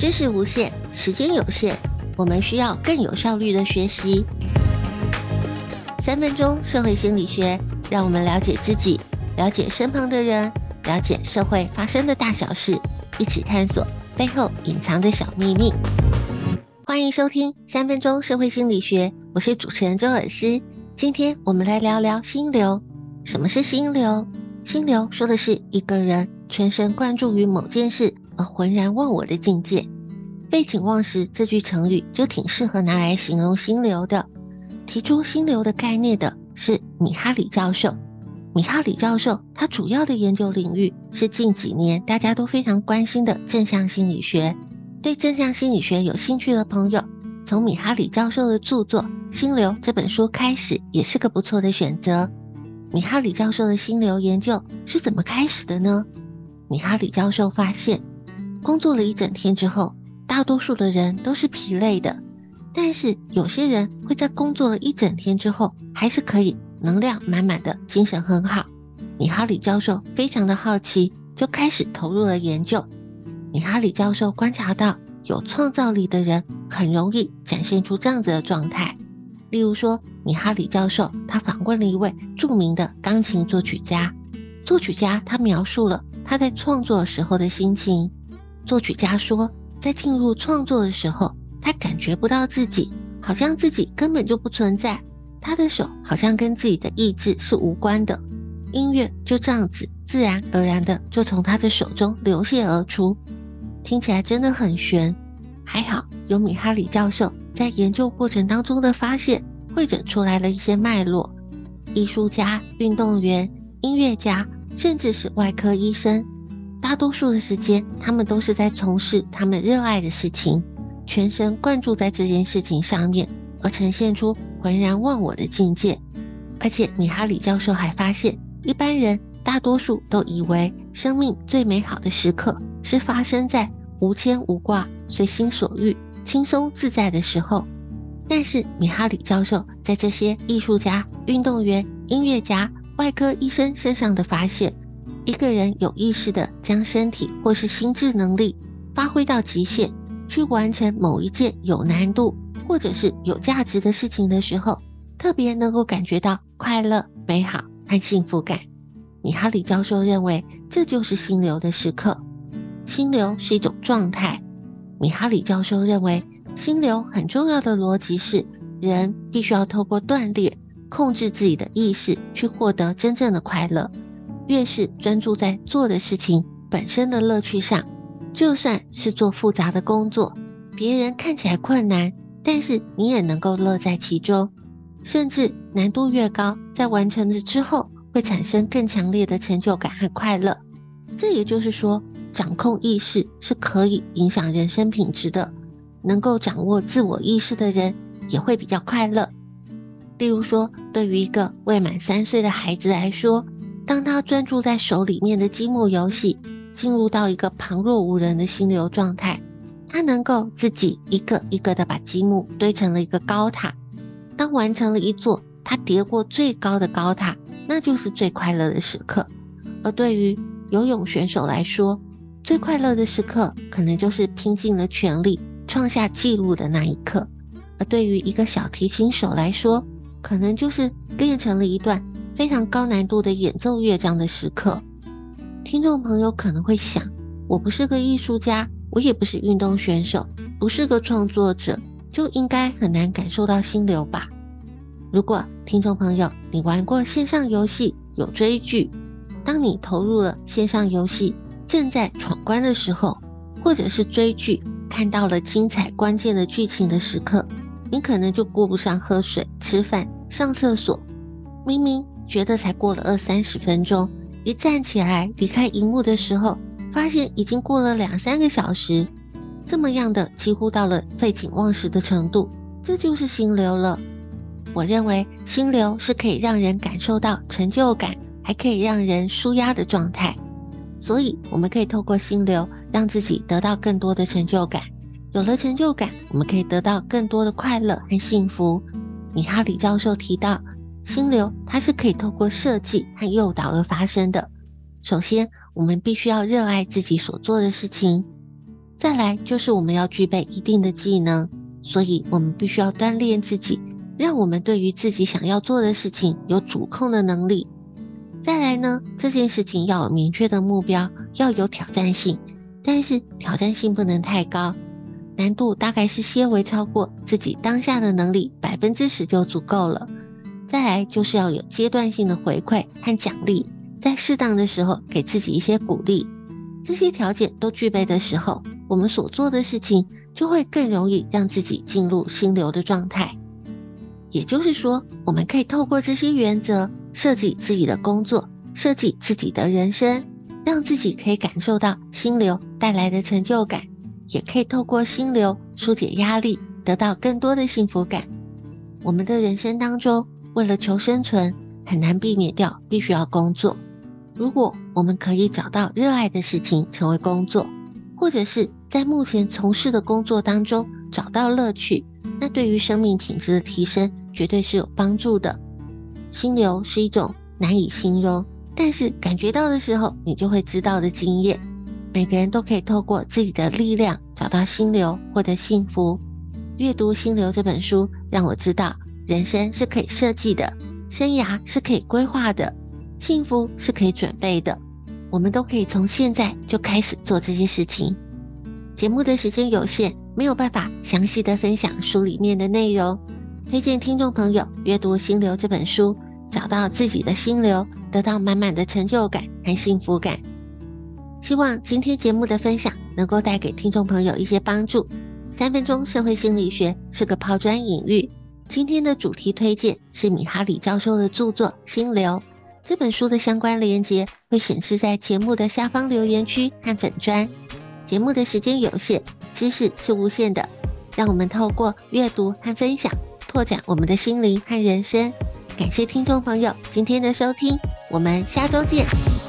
知識無限，時間有限，我們需要更有效率的學習。三分鐘社會心理學，讓我們了解自己，了解身旁的人，了解社會發生的大小事，一起探索背後隱藏的小秘密。歡迎收聽三分鐘社會心理學，我是主持人周爾思。今天我們來聊聊心流。什麼是心流？心流說的是一個人全神貫注於某件事。渾然忘我的境界，廢寢忘食這句成語就挺適合拿來形容心流的。提出心流的概念的是米哈里教授。米哈里教授他主要的研究領域是近幾年大家都非常關心的正向心理學。對正向心理學有興趣的朋友，從米哈里教授的著作《心流》這本書開始也是個不錯的選擇。米哈里教授的心流研究是怎麼開始的呢？米哈里教授發現。工作了一整天之後，大多數的人都是疲累的，但是有些人會在工作了一整天之後，還是可以能量滿滿的精神很好。米哈里教授非常的好奇，就開始投入了研究。米哈里教授觀察到，有創造力的人很容易展現出這樣子的狀態。例如說，米哈里教授他訪問了一位著名的鋼琴作曲家，作曲家他描述了他在創作時候的心情。作曲家說，在進入創作的時候，他感覺不到自己，好像自己根本就不存在。他的手好像跟自己的意志是無關的，音樂就這樣子自然而然的就從他的手中流瀉而出，聽起來真的很玄。還好有米哈里教授在研究過程當中的發現，匯整出來了一些脈絡。藝術家、運動員、音樂家，甚至是外科醫生。大多數的時間，他們都是在從事他們熱愛的事情，全神貫注在這件事情上面，而呈現出渾然忘我的境界。而且，米哈里教授還發現，一般人大多數都以為生命最美好的時刻是發生在無牽無掛、隨心所欲、輕鬆自在的時候。但是，米哈里教授在這些藝術家、運動員、音樂家、外科醫生身上的發現。一個人有意識地將身體或是心智能力發揮到極限，去完成某一件有難度或者是有價值的事情的時候，特別能夠感覺到快樂、美好和幸福感。米哈里教授認為，這就是心流的時刻。心流是一種狀態。米哈里教授認為，心流很重要的邏輯是，人必須要透過鍛鍊控制自己的意識，去獲得真正的快樂。越是專注在做的事情本身的樂趣上，就算是做複雜的工作，別人看起來困難，但是你也能夠樂在其中。甚至難度越高，在完成了之後會產生更強烈的成就感和快樂。這也就是說，掌控意識是可以影響人生品質的。能夠掌握自我意識的人，也會比較快樂。例如說，對於一個未滿三歲的孩子來說，當他專注在手裡面的積木遊戲，進入到一個旁若無人的心流狀態，他能夠自己一個一個的把積木堆成了一個高塔。當完成了一座，他疊過最高的高塔，那就是最快樂的時刻。而對於游泳選手來說，最快樂的時刻可能就是拼盡了全力創下紀錄的那一刻。而對於一個小提琴手來說，可能就是練成了一段。非常高難度的演奏樂章的時刻，聽眾朋友可能會想：我不是個藝術家，我也不是運動選手，不是個創作者，就應該很難感受到心流吧？如果聽眾朋友你玩過線上遊戲，有追劇，當你投入了線上遊戲，正在闖關的時候，或者是追劇，看到了精彩關鍵的劇情的時刻，你可能就顧不上喝水、吃飯、上廁所，明明。覺得才過了二三十分鐘，一站起來離開熒幕的時候，發現已經過了兩三個小時。這麼樣的幾乎到了廢寢忘食的程度，這就是心流了。我認為心流是可以讓人感受到成就感，還可以讓人舒壓的狀態。所以，我們可以透過心流讓自己得到更多的成就感。有了成就感，我們可以得到更多的快樂和幸福。米哈里教授提到。心流，它是可以透過設計和誘導而發生的。首先，我們必須要熱愛自己所做的事情；再來，就是我們要具備一定的技能，所以我們必須要鍛鍊自己，讓我們對於自己想要做的事情有主控的能力。再來呢，這件事情要有明確的目標，要有挑戰性，但是挑戰性不能太高，難度大概是些微超過自己當下的能力百分之十就足夠了。再來就是要有階段性的回饋和獎勵，在適當的時候給自己一些鼓勵。這些條件都具備的時候，我們所做的事情就會更容易讓自己進入心流的狀態。也就是說，我們可以透過這些原則設計自己的工作，設計自己的人生，讓自己可以感受到心流帶來的成就感，也可以透過心流紓解壓力，得到更多的幸福感。我們的人生當中。為了求生存，很難避免掉必須要工作。如果我們可以找到熱愛的事情成為工作，或者是在目前從事的工作當中找到樂趣，那對於生命品質的提升絕對是有幫助的。心流是一種難以形容，但是感覺到的時候你就會知道的經驗。每個人都可以透過自己的力量找到心流，獲得幸福。閱讀《心流》這本書讓我知道。人生是可以設計的，生涯是可以規劃的，幸福是可以準備的。我們都可以從現在就開始做這些事情。節目的時間有限，沒有辦法詳細的分享書裡面的內容。推薦聽眾朋友閱讀《心流》這本書，找到自己的心流，得到滿滿的成就感和幸福感。希望今天節目的分享能夠帶給聽眾朋友一些幫助。三分鐘社會心理學是個拋磚引玉。今天的主題推薦是米哈里教授的著作《心流》。這本書的相關連結會顯示在節目的下方留言區和粉專。節目的時間有限，知識是無限的，讓我們透過閱讀和分享，拓展我們的心靈和人生。感謝聽眾朋友今天的收聽，我們下週見。